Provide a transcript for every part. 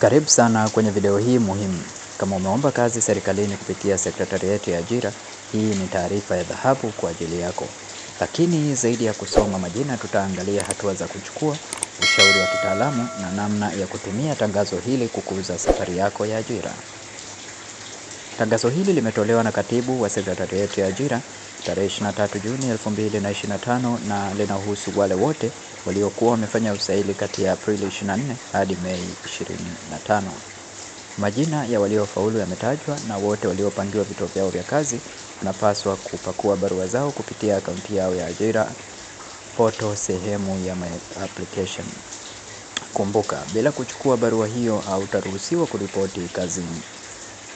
Karibu sana kwenye video hii muhimu. Kama umeomba kazi serikalini kupitia sekretarieti ya ajira, hii ni taarifa ya dhahabu kwa ajili yako. Lakini zaidi ya kusoma majina, tutaangalia hatua za kuchukua, ushauri wa kitaalamu na namna ya kutumia tangazo hili kukuza safari yako ya ajira. Tangazo hili limetolewa na katibu wa sekretarieti ya ajira tarehe 23 Juni 2025 na linahusu wale wote waliokuwa wamefanya usaili kati ya Aprili 24 hadi Mei 25. Majina ya waliofaulu yametajwa na wote waliopangiwa vituo vyao vya kazi wanapaswa kupakua barua zao kupitia akaunti yao ya ajira poto sehemu ya my application. Kumbuka, bila kuchukua barua hiyo hautaruhusiwa kuripoti kazini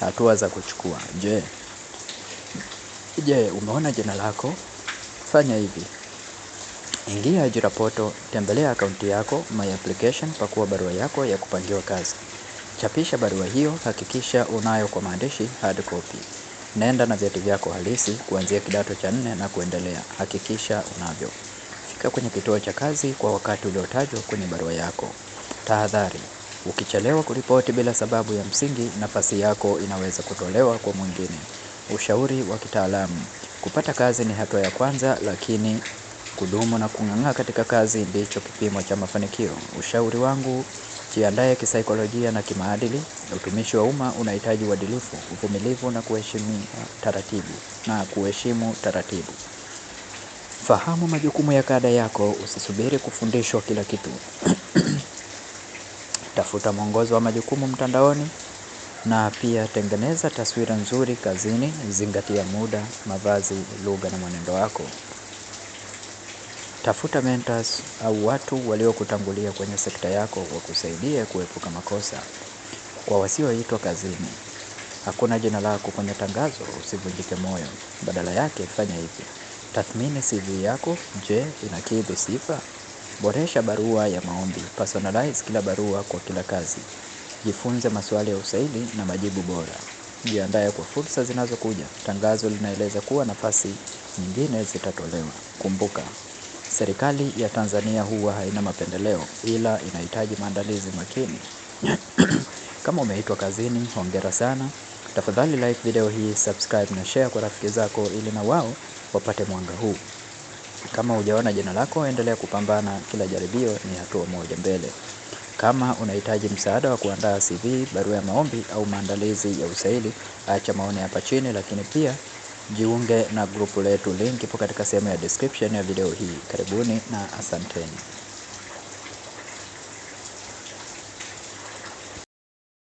hatua za kuchukua. Je, je, umeona jina lako? Fanya hivi: ingia ajira poto, tembelea akaunti yako my application, pakua barua yako ya kupangiwa kazi, chapisha barua hiyo, hakikisha unayo kwa maandishi hard copy. Nenda na vyeti vyako halisi kuanzia kidato cha nne na kuendelea, hakikisha unavyo. Fika kwenye kituo cha kazi kwa wakati uliotajwa kwenye barua yako. Tahadhari: Ukichelewa kuripoti bila sababu ya msingi, nafasi yako inaweza kutolewa kwa mwingine. Ushauri wa kitaalamu: kupata kazi ni hatua ya kwanza, lakini kudumu na kung'ang'aa katika kazi ndicho kipimo cha mafanikio. Ushauri wangu, jiandae kisaikolojia na kimaadili. Utumishi wa umma unahitaji uadilifu, uvumilivu na kuheshimia taratibu na kuheshimu taratibu. Fahamu majukumu ya kada yako, usisubiri kufundishwa kila kitu. tafuta mwongozo wa majukumu mtandaoni, na pia tengeneza taswira nzuri kazini, zingatia muda, mavazi, lugha na mwenendo wako. Tafuta mentors au watu waliokutangulia kwenye sekta yako wakusaidie kuepuka makosa. Kwa wasioitwa kazini, hakuna jina lako kwenye tangazo, usivunjike moyo. Badala yake fanya hivi. Tathmini CV yako, je, inakidhi sifa? Boresha barua ya maombi. Personalize kila barua kwa kila kazi. Jifunze maswali ya usaili na majibu bora. Jiandae kwa fursa zinazokuja. Tangazo linaeleza kuwa nafasi nyingine zitatolewa. Kumbuka, serikali ya Tanzania huwa haina mapendeleo ila inahitaji maandalizi makini. Kama umeitwa kazini, hongera sana. Tafadhali like video hii, subscribe na share kwa rafiki zako ili na wao wapate mwanga huu. Kama hujaona jina lako, endelea kupambana. Kila jaribio ni hatua moja mbele. Kama unahitaji msaada wa kuandaa CV, barua ya maombi au maandalizi ya usaili, acha maoni hapa chini, lakini pia jiunge na grupu letu. Link ipo katika sehemu ya description ya video hii. Karibuni na asanteni.